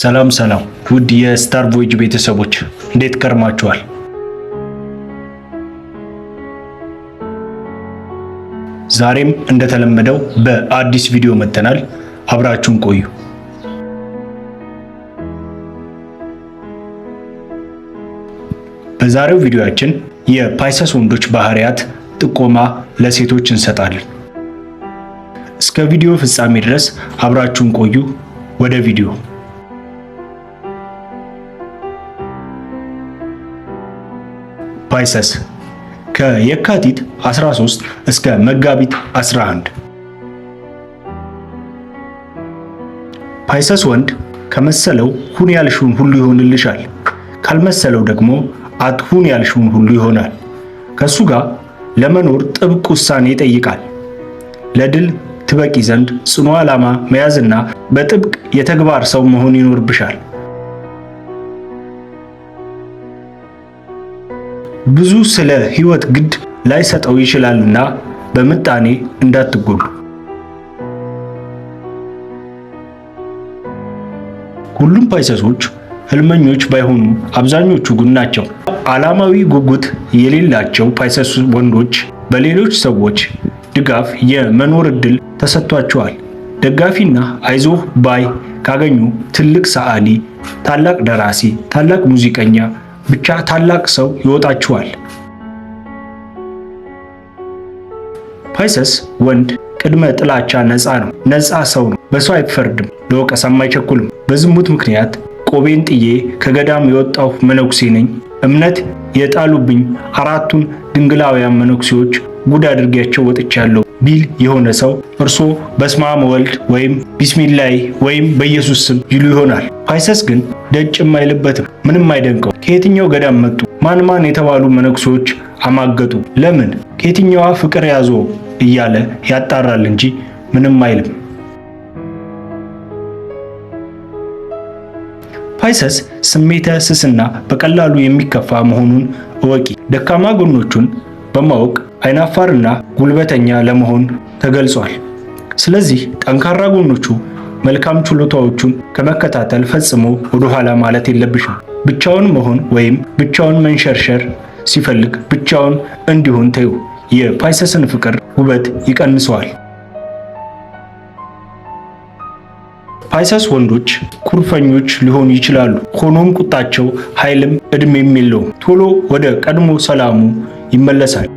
ሰላም ሰላም ውድ የስታር ቮይጅ ቤተሰቦች እንዴት ከርማችኋል? ዛሬም እንደተለመደው በአዲስ ቪዲዮ መጥተናል። አብራችሁን ቆዩ። በዛሬው ቪዲዮአችን የፓይሰስ ወንዶች ባህሪያት ጥቆማ ለሴቶች እንሰጣለን። እስከ ቪዲዮ ፍጻሜ ድረስ አብራችሁን ቆዩ። ወደ ቪዲዮ ፓይሰስ ከየካቲት 13 እስከ መጋቢት 11። ፓይሰስ ወንድ ከመሰለው ሁን ያልሽውን ሁሉ ይሆንልሻል፣ ካልመሰለው ደግሞ አትሁን ያልሽውን ሁሉ ይሆናል። ከሱ ጋር ለመኖር ጥብቅ ውሳኔ ይጠይቃል። ለድል ትበቂ ዘንድ ጽኑ ዓላማ መያዝና በጥብቅ የተግባር ሰው መሆን ይኖርብሻል። ብዙ ስለ ሕይወት ግድ ላይሰጠው ይችላልና በምጣኔ እንዳትጎዱ። ሁሉም ፓይሰሶች ህልመኞች ባይሆኑ አብዛኞቹ ግን ናቸው። ዓላማዊ ጉጉት የሌላቸው ፓይሰስ ወንዶች በሌሎች ሰዎች ድጋፍ የመኖር እድል ተሰጥቷቸዋል። ደጋፊና አይዞህ ባይ ካገኙ ትልቅ ሰዓሊ፣ ታላቅ ደራሲ፣ ታላቅ ሙዚቀኛ ብቻ ታላቅ ሰው ይወጣችኋል። ፓይሰስ ወንድ ቅድመ ጥላቻ ነፃ ነው። ነፃ ሰው ነው። በሰው አይፈርድም፣ ለወቀሳም አይቸኩልም። በዝሙት ምክንያት ቆቤን ጥዬ ከገዳም የወጣሁ መነኩሴ ነኝ። እምነት የጣሉብኝ አራቱን ድንግላውያን መነኩሴዎች ጉድ አድርጌያቸው ወጥቻለሁ ቢል የሆነ ሰው እርስ በስመ አብ ወልድ ወይም ቢስሚላይ ወይም በኢየሱስ ስም ይሉ ይሆናል። ፓይሰስ ግን ደጭም የማይልበትም ምንም አይደንቀው። ከየትኛው ገዳም መጡ፣ ማን ማን የተባሉ መነኩሴዎች አማገጡ፣ ለምን ከየትኛዋ ፍቅር ያዞ እያለ ያጣራል እንጂ ምንም አይልም። ፓይሰስ ስሜተ ስስና በቀላሉ የሚከፋ መሆኑን እወቂ። ደካማ ጎኖቹን በማወቅ አይናፋርና ጉልበተኛ ለመሆን ተገልጿል። ስለዚህ ጠንካራ ጎኖቹ መልካም ችሎታዎቹን ከመከታተል ፈጽሞ ወደኋላ ማለት የለብሽም። ብቻውን መሆን ወይም ብቻውን መንሸርሸር ሲፈልግ ብቻውን እንዲሆን ተዩ። የፓይሰስን ፍቅር ውበት ይቀንሰዋል። ፓይሰስ ወንዶች ኩርፈኞች ሊሆኑ ይችላሉ። ሆኖም ቁጣቸው ኃይልም እድሜ የለውም። ቶሎ ወደ ቀድሞ ሰላሙ ይመለሳል።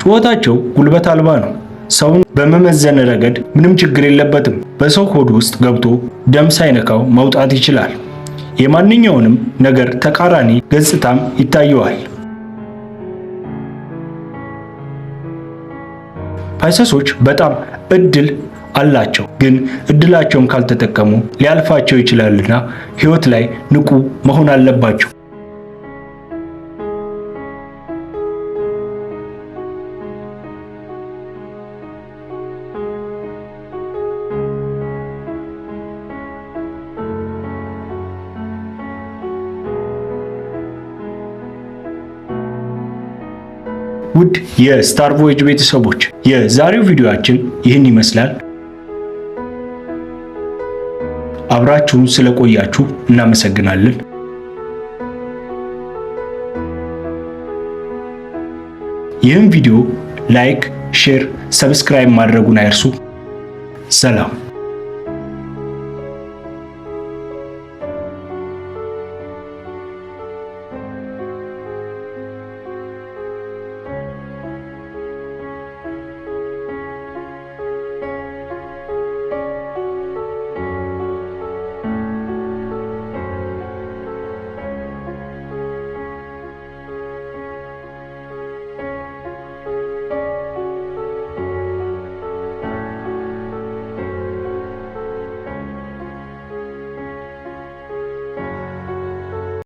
ጩኸታቸው ጉልበት አልባ ነው። ሰውን በመመዘን ረገድ ምንም ችግር የለበትም። በሰው ሆድ ውስጥ ገብቶ ደም ሳይነካው መውጣት ይችላል። የማንኛውንም ነገር ተቃራኒ ገጽታም ይታየዋል። ፓይሰሶች በጣም እድል አላቸው፣ ግን እድላቸውን ካልተጠቀሙ ሊያልፋቸው ይችላልና ህይወት ላይ ንቁ መሆን አለባቸው። ውድ የስታር ቮይጅ ቤተሰቦች የዛሬው ቪዲዮአችን ይህን ይመስላል። አብራችሁን ስለቆያችሁ እናመሰግናለን። ይህን ቪዲዮ ላይክ፣ ሼር፣ ሰብስክራይብ ማድረጉን አይርሱ። ሰላም